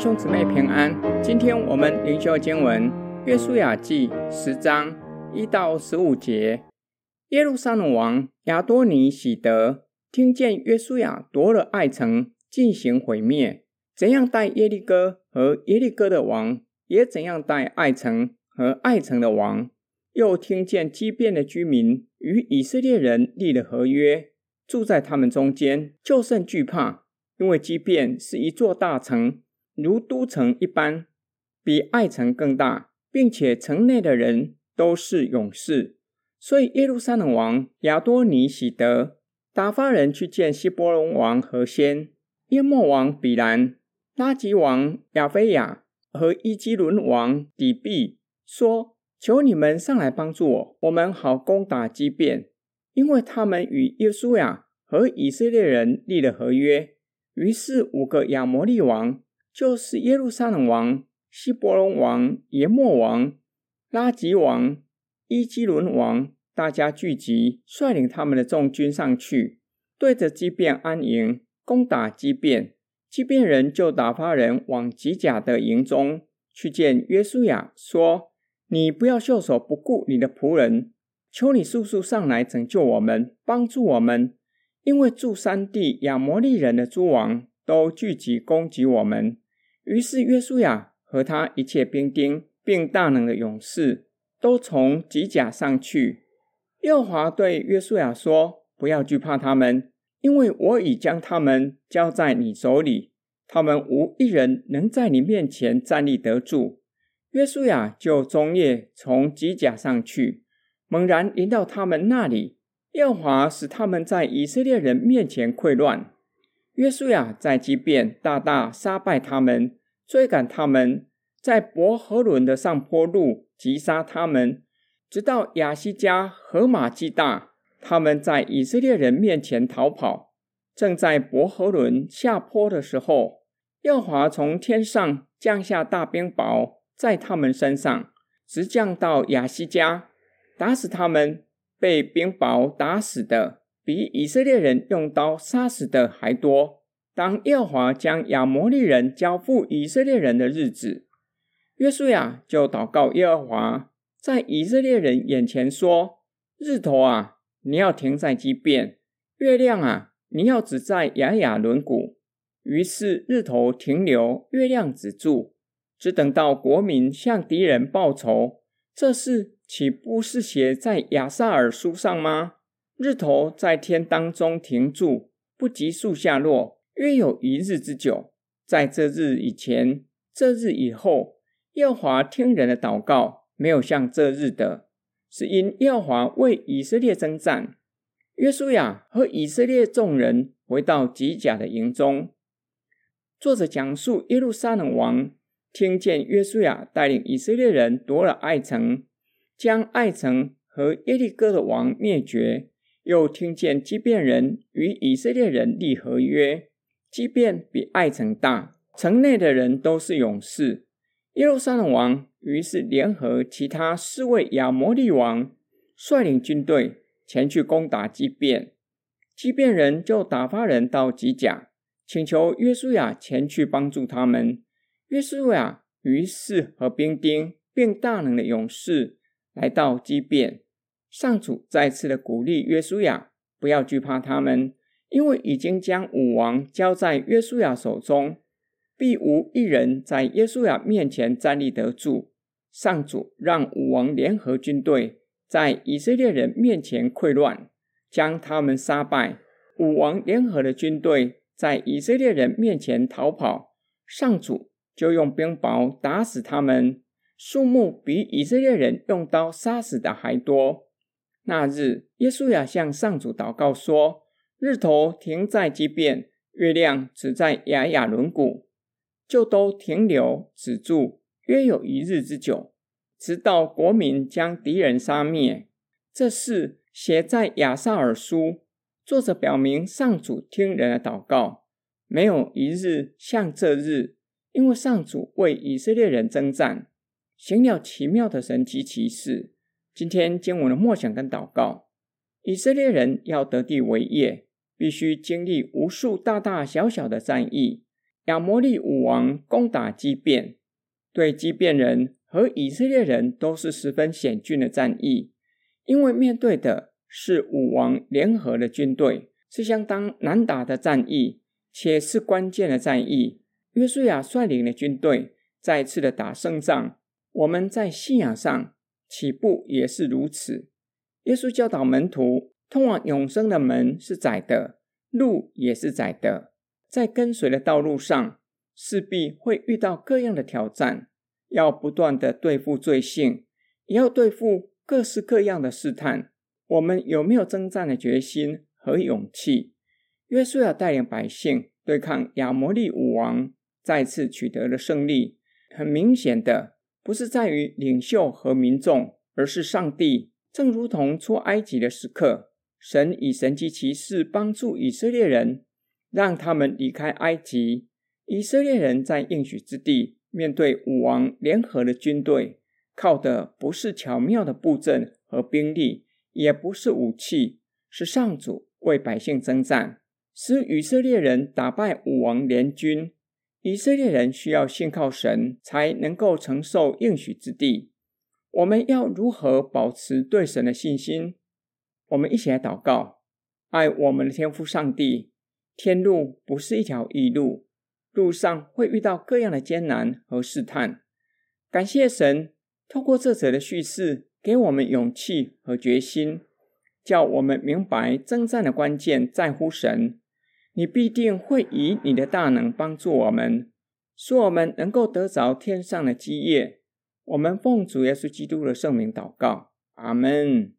兄姊妹平安，今天我們靈修經文《約書亞記》十章一到十五節。耶路撒冷王亞多尼‧洗德聽見約書亞奪了艾城，盡行毀滅，怎樣待耶利哥和耶利哥的王，也怎樣待艾城和艾城的王。又聽見基遍的居民與以色列人立了和約，住在他們中間，就甚懼怕，因為基遍是一座大城。如都城一般，比艾城更大，並且城內的人都是勇士，所以耶路撒冷王亞多尼‧洗德打發人去見希伯崙王何咸、耶末王毘蘭、拉吉王雅非亞和伊磯倫王底璧，說：“求你們上來幫助我，我們好攻打基遍，因為他們與約書亞和以色列人立了和約。”於是五個亞摩利王。就是耶路撒冷王、希伯崙王、耶末王、拉吉王、伊磯倫王，大家聚集，率領他們的眾軍上去，對着基遍安營，攻打基遍。基遍人就打發人往吉甲的營中去見約書亞，說：“你不要袖手不顧你的僕人，求你速速上來拯救我們，幫助我們，因為住山地亞摩利人的諸王都聚集攻擊我們。”於是約書亞和他一切兵丁，並大能的勇士都從吉甲上去。耶和華對約書亞說：“不要懼怕他們，因為我已將他們交在你手裡。他們無一人能在你面前站立得住。”約書亞就終夜從吉甲上去，猛然臨到他們那裡，耶和華使他們在以色列人面前潰亂。約書亞在基遍，大大殺敗他們，追趕他們，在伯和崙的上坡路擊殺他們，直到亞西加和瑪基大，他們在以色列人面前逃跑。正在伯和崙下坡的時候，耶和華從天上降下大冰雹，在他們身上直降到亞西加，打死他們被冰雹打死的。比以色列人用刀殺死的還多。當耶和華將亞摩利人交付以色列人的日子，約書亞就禱告耶和華，在以色列人眼前說：“日頭啊，你要停在基遍；月亮啊，你要止在亞雅崙谷。”於是日頭停留，月亮止住，只等到國民向敵人報仇。這事豈不是寫在雅煞珥書上嗎？日頭在天當中停住，不急速下落，約有一日之久。在這日以前，這日以後，耶和華聽人的禱告，沒有像這日的，是因耶和華為以色列爭戰。約書亞和以色列眾人回到吉甲的營中。作者講述耶路撒冷王聽見約書亞帶領以色列人奪了艾城，將艾城和耶利哥的王滅絕。又聽見基遍人與以色列人立合約，基遍比艾城大，城內的人都是勇士。耶路撒冷王於是聯合其他四位亞摩利王，率領軍隊前去攻打基遍。基遍人就打發人到吉甲，請求約書亞前去幫助他們。約書亞於是和兵丁並大能的勇士來到基遍。上主再次的鼓勵約書亞，不要懼怕他們，因為已經將五王交在約書亞手中，必無一人在約書亞面前站立得住。上主讓五王聯合軍隊在以色列人面前潰亂，將他們殺敗。五王聯合的軍隊在以色列人面前逃跑，上主就用冰雹打死他們，數目比以色列人用刀殺死的還多。那日，約書亞向上主禱告說：“日頭停在基遍，月亮止在亞雅崙谷，就都停留止住，約有一日之久，直到國民將敵人殺滅。”這事寫在雅煞珥書，作者表明上主聽人的禱告，沒有一日像這日，因為上主為以色列人爭戰，行了奇妙的神蹟奇事。今天經文的默想跟禱告，以色列人要得地為業，必須經歷無數大大小小的戰役。亞摩利五王攻打基遍，對基遍人和以色列人都是十分險峻的戰役，因為面對的是五王聯合的軍隊，是相當難打的戰役，且是關鍵的戰役。約書亞率領的軍隊再次的打勝仗。我們在信仰上。起步也是如此。耶穌教導門徒，通往永生的門是窄的，路也是窄的。在跟隨的道路上，勢必會遇到各樣的挑戰，要不斷的對付罪性，也要對付各式各樣的試探。我們有沒有征戰的決心和勇氣？約書亞帶領百姓，對抗亞摩利五王，再次取得了勝利。很明顯的。不是在於領袖和民眾，而是上帝。正如同出埃及的時刻，神以神蹟奇事幫助以色列人，讓他們離開埃及。以色列人在應許之地面對五王聯合的軍隊，靠的不是巧妙的布陣和兵力，也不是武器，是上主為百姓征戰，使以色列人打敗五王聯軍。以色列人需要信靠神，才能夠承受應許之地。我們要如何保持對神的信心？我們一起來禱告，愛我們的天父上帝。天路不是一條易路，路上會遇到各樣的艱難和試探。感謝神，透過這則的敘事，給我們勇氣和決心，叫我們明白爭戰的關鍵在乎神。你必定會以你的大能幫助我們，使我們能夠得着天上的基業。我們奉主耶穌基督的聖名禱告，阿門。